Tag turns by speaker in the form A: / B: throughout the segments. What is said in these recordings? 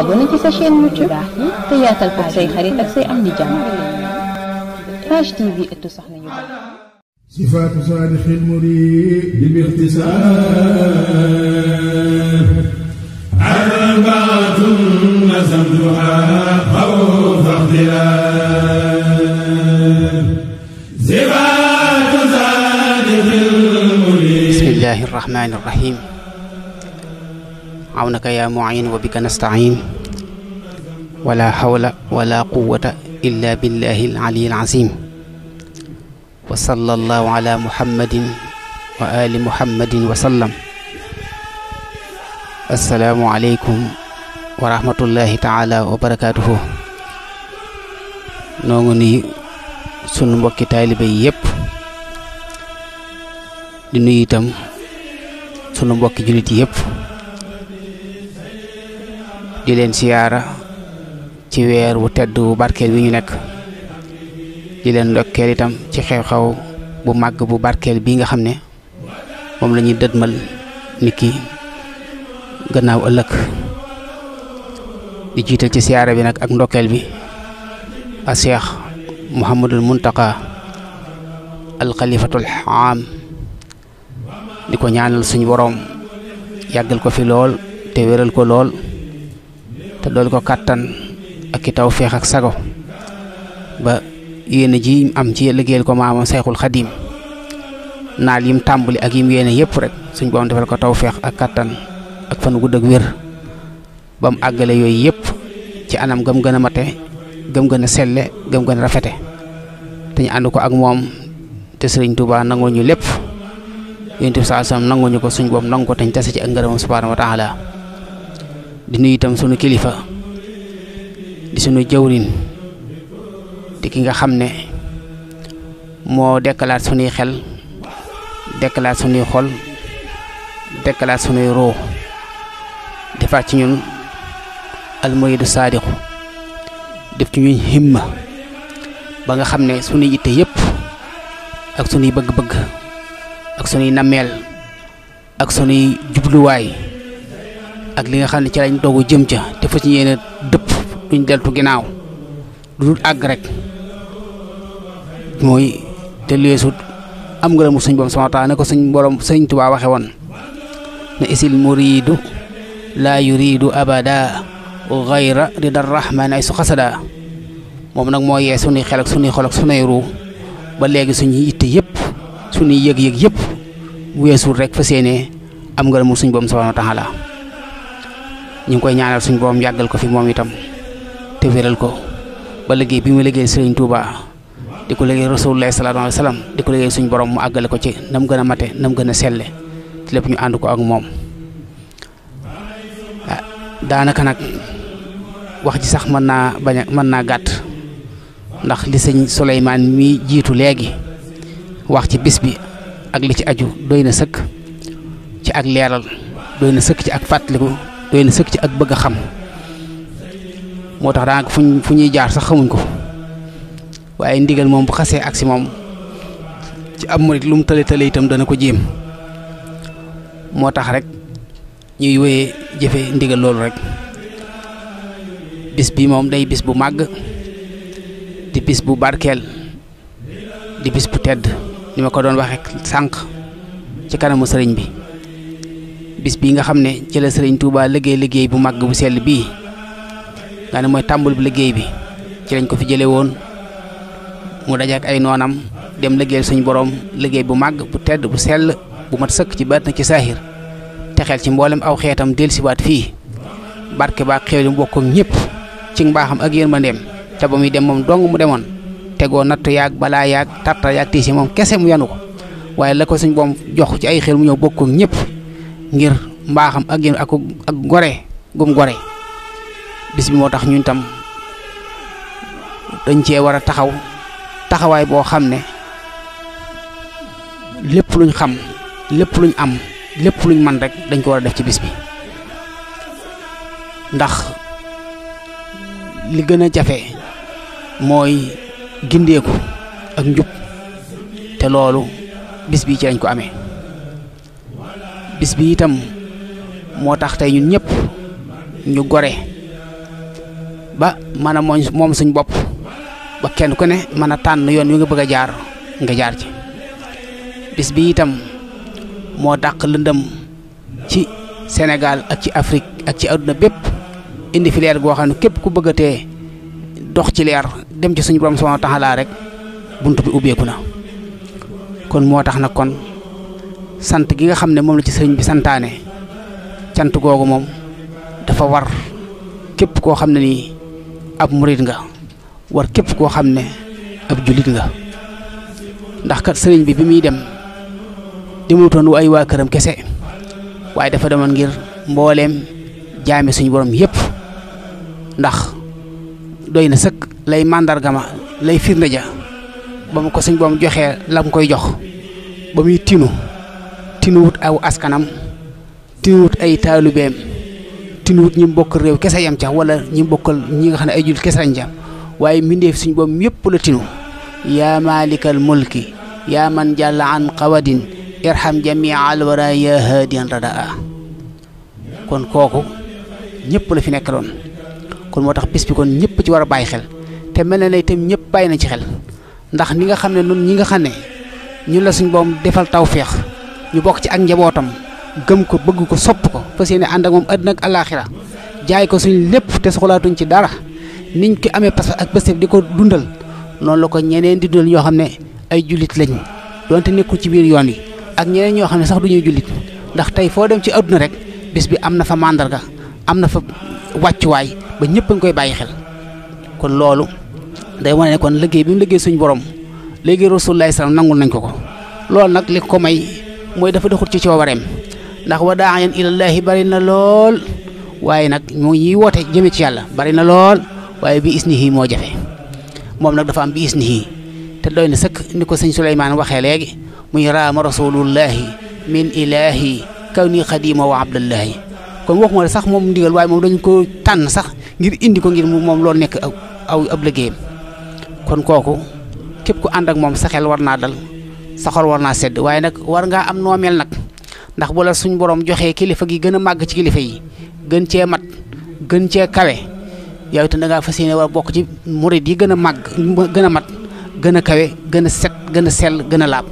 A: abonați să și în YouTube, ca سي iată-l pot فاش تي في اتو să-i am صفات صالح المريد باختصار عربات نسم دحى خوف اختلاف بسم الله الرحمن الرحيم عونك يا معين وبك نستعين ولا حول ولا قوة إلا بالله العلي العظيم وصلى الله على محمد وآل محمد وسلم السلام عليكم ورحمة الله تعالى وبركاته نوني سن sunu mbokki taalibe yi yëpp di nuyu itam di leen siyaara ci weer wu tedd wu barkeel bi ñu nekk di leen ndokkeel itam ci xew-xew bu màgg bu barkeel bii nga xam ne moom lañuy ñuy dëdmal nit ki gannaaw ëllëg di jiital ci siyaara bi nag ak ndokkeel bi a Cheikh Mouhamadul Muntaqa al xalifatul aam di ko ñaanal suñu boroom yàggal ko fi lool te wéral ko lool te dool ko kàttan ak ki taw feex ak sago ba yéene ji am ci liggéeyal ko maamam Seexul Xadiim naal yim tàmbali ak yim yéene yëpp rek suñ boom defal ko taw feex ak kàttan ak fan gudd ak wér ba mu àggale yooyu yëpp ci anam gëm gën a mate gëm gën a selle gëm gën rafete te ñu ànd ko ak moom te sëriñ Touba nangoo ñu lépp yonent bi saa sam nangoo ñu ko suñ boom nangu ko te ñu tase ci ak ngërëmam subhaanahu wa di nuyu itam sunu kilifa di sunu jëwrin di ki nga xam ne moo dekkalaat sunuy xel dekkalaat sunuy xol dekkalaat sunuy roo defar ci ñun almuridu saadiqu def ci ñun himma ba nga xam ne sunuy yitte yépp ak sunuy bëgg-bëgg ak sunuy nammeel ak sunuy jubluwaay ak li nga xam ne ci lañ dogu jëm ca te fa ci yéene dëpp duñ deltu ginnaaw du dul àgg rek mooy te leesut am ngërëmu suñ borom subhaanahu wa taala ne ko suñ borom sëñ Tuubaa waxe woon ne isil muriidu laa yuriidu su xasada moom nag moo yee suñuy xel ak xol ak ba léegi suñuy itte yëpp suñuy yëg-yëg yëpp weesul rek fa séenee am ngërëmu suñ borom subhaanahu wa ñu ngi koy ñaanal suñ boom yàggal ko fi moom itam te wéral ko ba liggéey bi mu liggéey Serigne tuubaa di ko liggéey Rasulullah sallallahu alayhi wa sallam di ko liggéey suñu borom mu àggale ko ci nam gën a mate nam gën a selle lépp ñu ànd ko ak moom ah, daanaka nag wax ji sax mën naa mën naa gàtt ndax li sëñ Souleymane mi jiitu léegi wax ci bis bi ak li ci aju doy na sëkk ci ak leeral doy na sëkk ci ak fàttaliku doyna sekk ci ak bëgg xam motax tax daanaka fuñ fuñuy jaar sax xamuñ ko waaye ndigal moom bu xasee ak si moom ci ab murit lu mu tële tële itam dana ko jéem moo tax rek ñuy wéyee jëfe ndigal loolu rek bis bi moom day bis bu màgg di bis bu barkeel di bis bu tedd ni ma ko doon waxee sànq ci kanamu sëriñ bi bis bi nga xam ne ci la sëriñ Touba liggéey liggéey bu màgg bu sell bii nga ne mooy tàmbul bu liggéey bi ci lañ ko fi jële woon mu dajeek ay noonam dem liggéeyal suñu borom liggéey bu màgg bu tedd bu sell bu mat sëkk ci baat na ci saaxir te xel ci mboolem aw xeetam dellusiwaat fii barke baa xew li mu bokk ñëpp ci mbaaxam ak yërmandeem te ba muy dem moom dong mu demoon tegoo nattu yaag balaa yaag tarta yaag tiisi moom kese mu yanu ko waaye la ngir mbaaxam ak yéen ak gore gum gore bis bi moo tax ñun tam dañ cee war a taxaw taxawaay boo xam ne lépp luñ xam lépp luñ am lépp luñ man rek dañ ko war a def ci bis bi ndax li gën a jafe mooy gindeeku ak njub te loolu bis bi ci lañ ko amee bis bi itam moo tax tey ñun ñëpp ñu gore ba mën a moom suñ bopp ba kenn ku ne mën a tànn yoon wi nga bëgg a jaar nga jaar ci bis bi itam moo dàq lëndam ci Sénégal ak ci Afrique ak ci adduna bépp indi fi leer goo xam ne képp ku bëggatee dox ci leer dem ci suñ borom subhanahu wa taala rek bunt bi ubbeeku na kon moo tax nag kon sant gi nga xam ne moom la ci sëriñ bi santaane cant googu moom dafa war képp koo xam ne nii ab murit nga war képp koo xam ne ab julit nga ndax kat sëriñ bi bi muy dem demutoon wu ay waa këram kese waaye dafa demoon ngir mbooleem jaami suñu borom yépp ndax doy na sëkk lay màndargama lay firnde ja ba mu ko suñ boom joxee la mu koy jox ba muy tinu tinuwut aw askanam tinuwut ay taalubeem tinuwut ñi mbokk réew kese yam ca wala ñi mbokkal ñi nga xam ne ay jul kese lañ ca waaye mbindeef suñ boom yëpp la tinu yaa maalikal mulki yaa man jàlla an qawadin irham jamia alwara ya radaa kon kooku ñëpp la fi nekkaloon kon moo tax bis bi kon ñëpp ci war a bàyyi xel te mel na ne itam ñëpp bàyyi nañ ci xel ndax ni nga xam ne nun ñi nga xam ne ñun la suñ boom defal tawféex ñu bokk ci ak njabootam gëm ko bëgg ko sopp ko fas yéene ànd ak moom àddina ak àllaaxira jaay ko suñ lépp te soxlaatuñ ci dara niñ ko amee pas ak bés di ko dundal noonu la ko ñeneen di dundal ñoo xam ne ay jullit lañ donte nekkul ci biir yoon yi ak ñeneen ñoo xam ne sax duñuy ñuy jullit ndax tey foo dem ci adduna rek bis bi am na fa màndarga am na fa wàccuwaay ba ñëpp a ngi koy bàyyi xel kon loolu day wane ne kon liggéey bi mu liggéey borom léegi rasulullaahi salaam nangul nañ ko ko mooy dafa doxut ci coobareem ndax wa daayan ilallaahi bari na lool waaye nag mu ñuy woote jëme ci yàlla bari na lool waaye bi isnihi moo jafe moom nag dafa am bi isnihi te doy na sëkk ni ko sëñ Souleymane waxee léegi muy raama rasulullahi min ilahi kaw ni xadima wa abdullahi kon waxuma sax moom waaye moom dañ ko tànn sax ngir indi ko ngir moom loolu nekk aw ab liggéeyam kon kooku képp ku ànd ak moom sa war naa dal sa xol war naa sedd waaye nag war ngaa am noo mel nag ndax bu la suñ borom joxee kilifa gi gën a màgg ci kilifa yi gën cee mat gën cee kawe yow itam da ngaa fas yéene war bokk ci murid yi gën a màgg gën a mat gën a kawe gën a set gën a sell gën a laab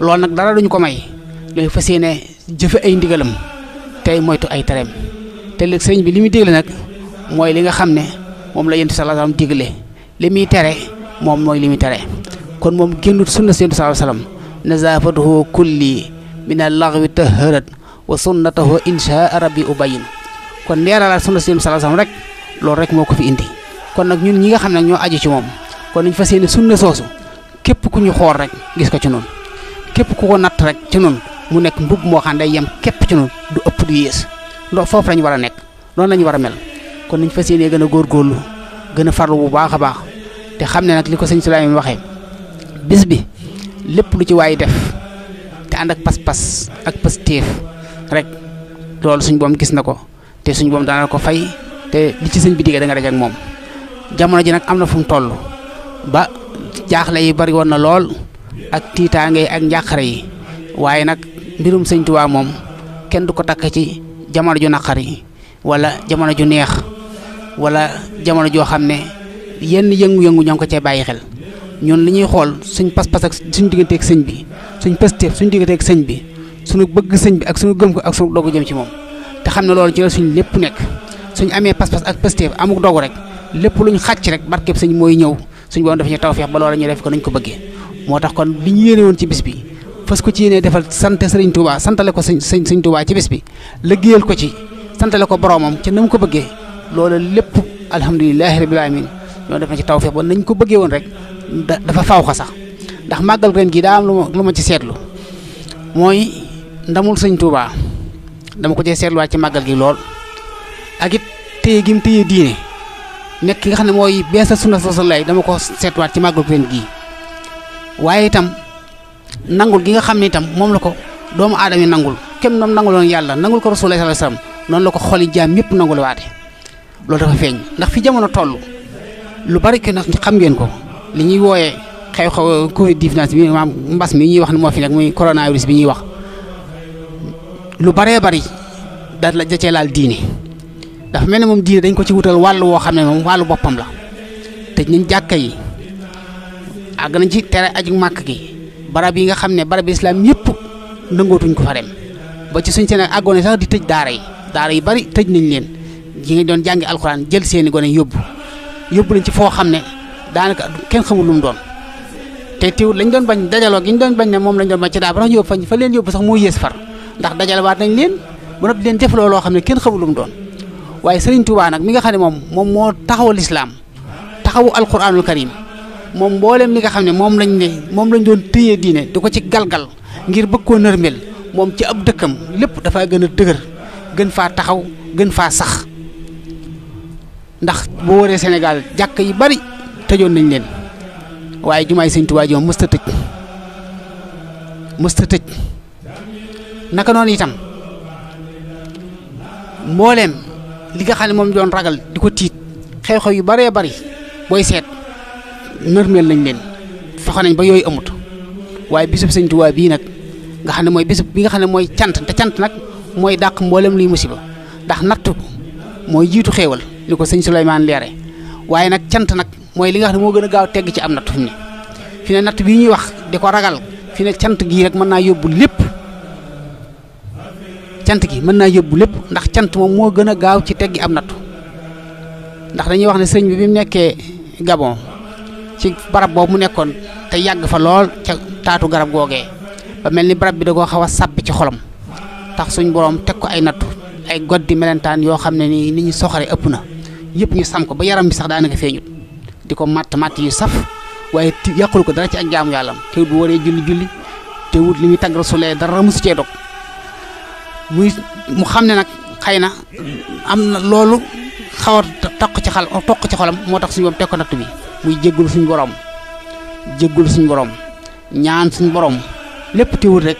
A: loolu nag dara duñu ko may dañu fas yéene jëfe ay ndigalam tey moytu ay tereem te léegi sëriñ bi li muy digle nag mooy li nga xam ne moom la yonent bi sallallahu alayhi digle li muy tere moom mooy li muy tere kon moom génnut sunna seentu saa sallam nazaafatuhu kulli min al laghwi taharat wa sunnatahu insha rabbi ubayin kon leeralaat sunna seentu saa rek loolu rek moo ko fi indi kon nag ñun ñi nga xam ne ñoo aju ci moom kon nañ fas yéene sunna soosu képp ku ñu xool rek gis ko ci noonu képp ku ko natt rek ci noonu mu nekk mbub moo xam day yem képp ci noonu du ëpp du yées ndox foofu lañu war a nekk noonu lañu war a mel kon nañ fas yéene gën a góorgóorlu gën a farlu bu baax a baax te xam ne nag li ko sëñ Souleymane waxee bis bi lépp lu ci waay def te ànd ak pas-pas ak pastéef rek loolu suñ boom gis na ko te suñ boom daana ko fay te li ci sëñ bi digee da nga daj ak moom jamono ji nag am na fu mu toll ba jaaxle yi bariwoon na lool ak tiitaange ak njàqare yi waaye nag mbirum sëñ waa moom kenn du ko takk ci jamono ju naqar yi wala jamono ju neex wala jamono joo xam ne yenn yëngu-yëngu ñoo ko cee bàyyi xel ñun li ñuy xool suñ pas-pas ak suñ digganteeg sëñ bi suñ pësteef suñ digganteeg sëñ bi suñu bëgg sëñ bi ak suñu gëm ko ak suñu dogu jëm ci moom te xam ne loolu ci suñ lépp nekk suñ amee pas-pas ak pësteef amuk dogu rek lépp luñ xàcc rek barkeb sëñ mooy ñëw suñ borom def ñu tawfeex ba loolu ñu def ko nañ ko bëggee moo tax kon li ñu yéene woon ci bis bi fas ko ci defal sant sëriñ Touba santale ko sëñ sëñ Touba ci bis bi liggéeyal ko ci santale ko boromam ci na ko bëggee loolu lépp alhamdulilahi rabil alamin ñoo def na ci tawfeex ba nañ ko bëggee woon rek dafa faw xa sax ndax màggal ren gi daa am lu ma lu ma ci seetlu mooy ndamul sëñ Touba dama ko cee seetluwaat ci màggal gi lool ak it téye gi mu ki nga xam ne mooy beesal sunna sallallahu dama ko seetluwaat ci màggal ren gii waaye itam nangul gi nga xam ne itam moom la ko doomu aadama yi nangul kenn noom nanguloon yàlla nangul ko rasulullah sallallahu alayhi wasallam noonu la ko xoli jaam yëpp nangul waate loolu dafa feeñ ndax fi jamono toll lu bari kenn xam ngeen ko li ñuy wooyee xew-xew Covid 19 bi maam mbas mi ñuy wax ne moo fi nekk muy coronavirus bi ñuy wax lu baree bari da la da laal diine dafa mel ne moom diine dañ ko ci wutal wàll woo xam ne moom wàllu boppam la tëj nañ jàkka yi àgg nañ ci tere aju màkk gi barab yi nga xam ne barab islam yëpp nangootuñ ko fa dem ci suñ seen sax di tëj daara yi daara yu bari tëj nañ leen yi nga doon jàngi alxuraan jël seeni gone yóbbu yóbbu lañ ci foo xam ne. daanaka kenn xamul mu doon te tiwut lañ doon bañ dajaloo gi ñu doon bañ ne moom lañ doon bañ ci daa ba tax ñu yóbbu fañ fa leen yóbbu sax moo yées far ndax dajalewaat nañ leen ba noppi leen defloo loo xam ne kenn xamul mu doon waaye Serigne Touba nag mi nga xam ne moom moom moo taxawal islaam taxawu alquranul karim moom mbooleem li nga xam ne moom lañ ne moom lañ doon téye diine di ko ci galgal ngir bëgg koo nërmel moom ci ab dëkkam lépp dafaa gën a dëgër gën faa taxaw gën faa sax ndax boo waree Sénégal jàkk yi bari tëjoon nañ leen waaye jumaay sëñ Tuubaa ji mësta tëj mësta tëj naka noonu itam mbooleem li nga xam ne moom doon ragal di ko tiit xew-xew yu baree bari booy seet nërmeel nañ leen fexe nañ ba yooyu amut waaye bisub sëñ Tuubaa bii nag nga xam ne mooy bisub bi nga xam ne mooy cant cant nag mooy dàq mboolem luy musiba ndax nattu mooy jiitu xewal li ko sëñ Souleymane leere waaye nag cant nag mooy li nga xam ne moo gën a gaaw tegg ci am natt fi mu ne fi ne natt bii ñuy wax di ko ragal fi ne cant gii rek mën naa yóbbu lépp gi mën naa yóbbu lépp ndax cant moom moo gën a gaaw ci teggi am nattu ndax dañuy wax ne sëñ bi bi mu nekkee Gabon ci barab boobu mu nekkoon te yàgg fa lool ca taatu garab googee ba mel ni barab bi da koo xaw a sàppi ci xolom tax suñ boroom teg ko ay nattu ay goddi melentaan yoo xam ne ni nit ñi soxare ëpp na yëpp ñu sam ko ba yaram bi sax daanaka feeñut diko mat mat yi saf waye yakul ko dara ci ak jaam yalla te du wone julli julli te wut limi muy tagg dara musu ci dok muy mu xam nak nag amna lolu am na xaw a ci xal tok ci xolam motax suñu bam tekko bi muy jéggul suñu borom jéggul suñu borom ñaan suñu borom ti teewul rek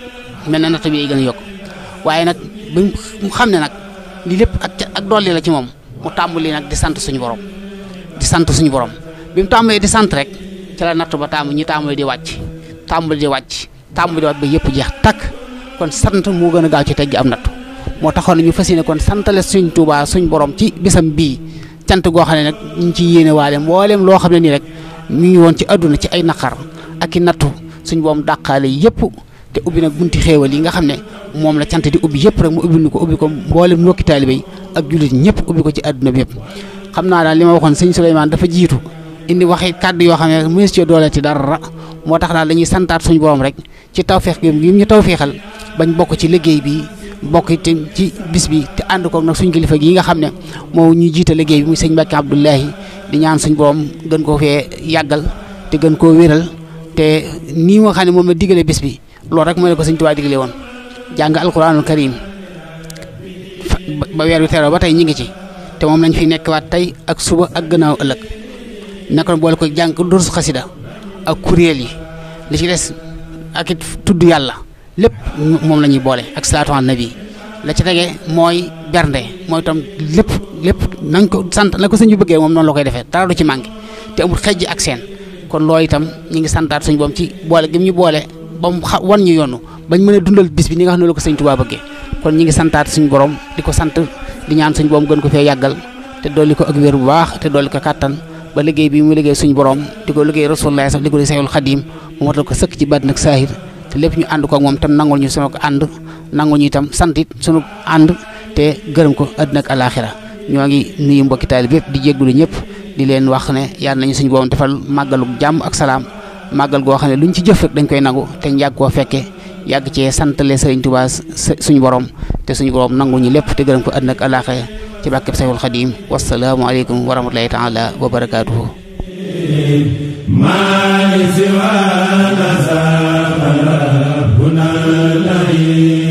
A: melna natt bi gëna yok waye nak buñ mu li lepp ak ak doli la ci mom mu tambuli nak di sante suñu borom di sante suñu borom bi mu tàmbalee di sant rek ci la nattu ba taamu ñi tàmbali di wàcc tàmbali di wàcc tàmbali di wàcc ba yëpp jeex takk kon sant moo gën a gaaw ci teggi am nattu moo taxoon ñu fas yéene kon santale suñ Tuubaa suñ borom ci bisam bii cant goo xam ne nag ñu ci yéene waale mbooleem loo xam ne nii rek ñu ngi woon ci àdduna ci ay naqar ak i nattu suñ boom dàqaale yëpp te ubbi nag bunti xéewal yi nga xam ne moom la cant di ubbi yëpp rek mu ubbi ko ubbi ko mboolem nokki taalibe yi ak jullit ñëpp ubbi ko ci àdduna bi yëpp xam naa daal li ma waxoon sëñ Souleymane dafa jiitu indi waxi kàddu yoo xam ne mu ci dara dara moo tax daal dañuy santaat suñu borom rek ci tawféex gi ñu tawféexal bañ bokk ci liggéey bi bokk ci bis bi te ànd koog nag suñ kilifa gi nga xam ne moo ñuy jiite liggéey bi muy sëñ Mbacke Abdoulahi di ñaan suñu borom gën koo fee yàggal te gën koo wéral te nii nga xam ne moom la digalee bis bi loolu rek mooy ne ko sëñ Tuubaa digalee woon jàng alquranul karim ba weer wi teeroo ba tey ñu ngi ci te moom lañ fi nekk waat tey ak suba ak gannaaw ëllëg. naka boole ko jàng durus xasida ak kuréel yi li ci des ak it tudd yàlla lépp moom la ñuy boole ak salaatu an la ci tege mooy bernde mooy itam lépp lépp nañ ko sant na ko suñu bëggee moom noonu la koy defee dara du ci manqué te amul xejj ak seen kon loo itam ñu ngi santaat suñ boom ci boole gi mu ñu boole ba mu wan ñu yoonu bañ mën a dundal bis bi ni nga xam ne la ko sëñ Tuubaa bëggee kon ñu ngi santaat suñu borom di ko sant di ñaan suñu boom gën ko fee yàggal te dolli ko ak wér bu baax te dolli ko kàttan ba liggéey bi mu liggéey suñu borom di ko liggéey rasulullahi sax di ko di sayul xadim mu watal ko sëkk ci baat nag saahir te lépp ñu ànd ko ak moom tam nangul ñu sunu ànd nangul ñu itam sant it sunu ànd te gërëm ko àddina ak ñoo ngi nuyu mbokki taalibe di jégalu ñëpp di leen wax ne yàlla nañu suñu borom defal màggalu jàmm ak salaam màggal goo xam ne luñ ci jëf rek dañ koy nangu te ñu yàgg koo fekkee yàgg cee santale Serigne Touba suñu borom te suñu borom nangu ñu lépp te gërëm ko àddina ak alaaxira ci bàkkeb sayul xadim wasalaamu aleykum wa rahmatullahi taala wa barakaatuhu maa siwa nasabala huna lay